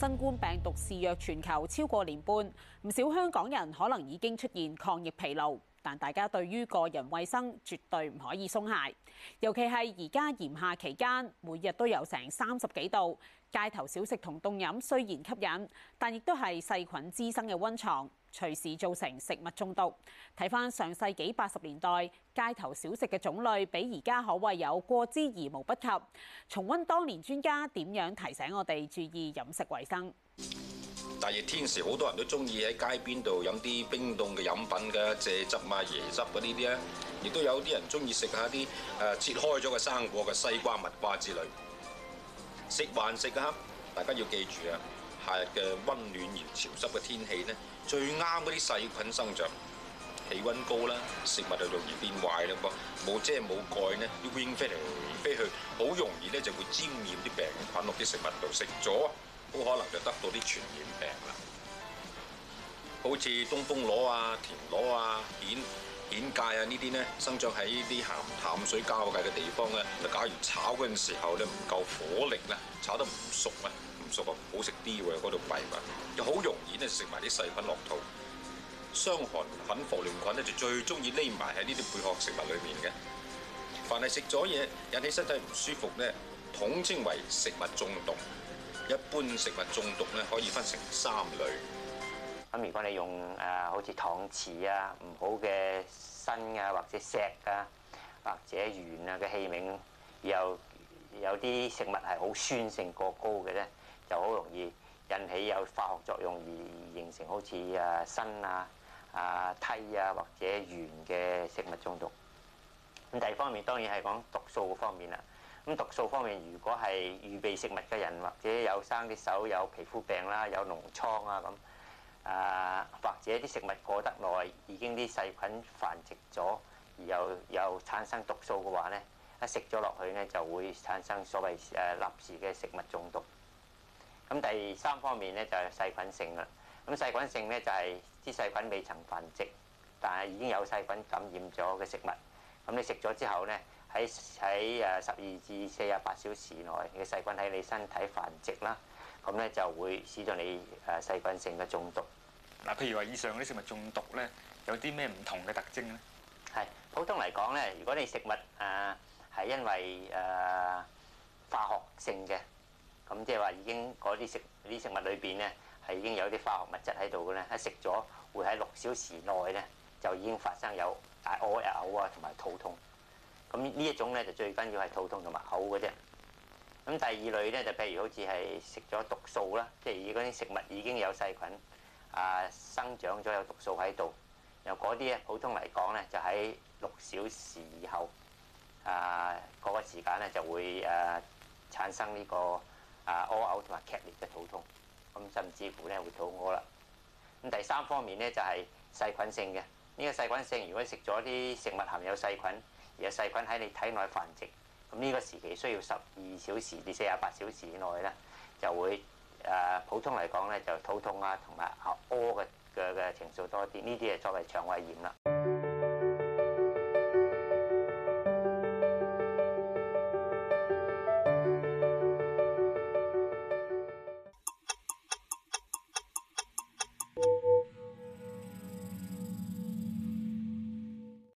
新冠病毒肆虐全球超過年半，唔少香港人可能已經出現抗疫疲勞，但大家對於個人衞生絕對唔可以鬆懈，尤其係而家炎夏期間，每日都有成三十幾度。街頭小食同凍飲雖然吸引，但亦都係細菌滋生嘅溫床，隨時造成食物中毒。睇返上世紀八十年代街頭小食嘅種類，比而家可謂有過之而無不及。重溫當年專家點樣提醒我哋注意飲食衛生。大熱天時，好多人都中意喺街邊度飲啲冰凍嘅飲品嘅蔗汁啊、椰汁啊呢啲啊，亦都有啲人中意食下啲誒切開咗嘅生果嘅西瓜、蜜瓜之類。食還食啊！大家要記住啊！夏日嘅溫暖而潮濕嘅天氣咧，最啱嗰啲細菌生長。氣溫高啦，食物就容易變壞啦噃。冇遮冇蓋咧，啲烏蠅飛嚟飛去，好容易咧就會沾染啲病菌落啲食物度食咗，好可能就得到啲傳染病啦。好似東風螺啊、田螺啊、蜆。蜆芥啊，呢啲咧生長喺啲鹹淡水交界嘅地方嘅。嗱，假如炒嗰陣時候咧唔夠火力咧，炒得唔熟啊，唔熟啊，好食啲喎，嗰度弊物又好容易咧食埋啲細菌落肚，傷寒菌、霍亂菌咧就最中意匿埋喺呢啲貝殼食物裏面嘅。凡係食咗嘢引起身體唔舒服咧，統稱為食物中毒。一般食物中毒咧可以分成三類。咁如果你用誒好似搪瓷啊、唔好嘅銅啊，鋅啊或者錫啊或者鉛啊嘅器皿，又有啲食物係好酸性過高嘅咧，就好容易引起有化學作用而形成好似誒鋅啊、啊鉛啊或者鉛嘅食物中毒。咁第二方面當然係講毒素方面啦。咁毒素方面，如果係預備食物嘅人，或者有生啲手有皮膚病啦，有膿瘡啊咁。啊，或者啲食物過得耐，已經啲細菌繁殖咗，而又，又產生毒素嘅話咧，一食咗落去咧就會產生所謂誒立時嘅食物中毒。咁第三方面咧就係細菌性啦。咁細菌性咧就係啲細菌未曾繁殖，但係已經有細菌感染咗嘅食物。咁你食咗之後咧，喺喺誒十二至四十八小時內，你嘅細菌喺你身體繁殖啦，咁咧就會使到你誒細菌性嘅中毒。嗱，譬如話，以上嗰啲食物中毒咧，有啲咩唔同嘅特徵咧？係普通嚟講咧，如果你食物啊係因為誒化學性嘅，咁即係話已經嗰啲食啲食物裏邊咧係已經有啲化學物質喺度嘅咧，一食咗會喺六小時內咧就已經發生有誒屙嘔啊同埋肚痛。咁呢一種咧就最緊要係肚痛同埋嘔嘅啫。咁第二類咧就譬如好似係食咗毒素啦，即係嗰啲食物已經有細菌。啊，生長咗有毒素喺度，由嗰啲咧普通嚟講咧，就喺六小時以後，啊、嗰個時間咧就會誒、啊、產生呢、呢個啊屙嘔同埋劇烈嘅肚痛，咁甚至乎咧會肚屙啦。咁第三方面咧就係、是、細菌性嘅，呢、呢個細菌性如果食咗啲食物含有細菌，而細菌喺你體內繁殖，咁呢個時期需要十二小時至四十八小時以內咧就會。誒，普通嚟講咧，就肚痛啊，同埋阿屙嘅嘅嘅情緒多啲，呢啲係作為腸胃炎啦。